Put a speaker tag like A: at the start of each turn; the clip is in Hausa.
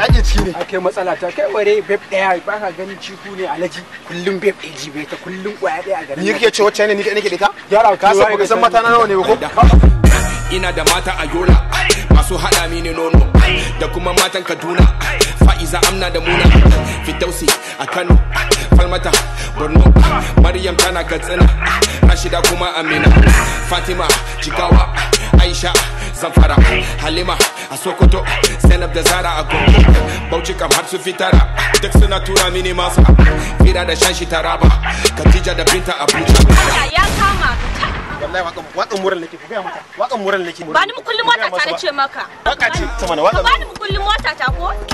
A: yaƙi ci ne akai matsala ta kai ware beb daya ba ka ganin ciku ne alaji kullum beb ɗaya jibe ta kullum ƙwaya ɗaya a garin
B: ni kike ce wacce
C: ne ni nake da ita yara ka san ka san mata na nawa ne ko
B: ina da mata a yola masu hada mini nono da kuma matan kaduna fa'iza amna da muna fitausi a kano mata borno maryam tana katsina rashida kuma amina fatima jigawa aisha zamfara halima a sokoto zainab da zara a gombe bauchi kam har su fitara duk suna tura mini masa fira da shanshi taraba katija da binta abuja
C: ya kama wakan wakan nake ku mata wakan mural nake ba ni mu kullum mota ta nace maka waka ce ta mana wakan ba
D: mu kullum mota ta ko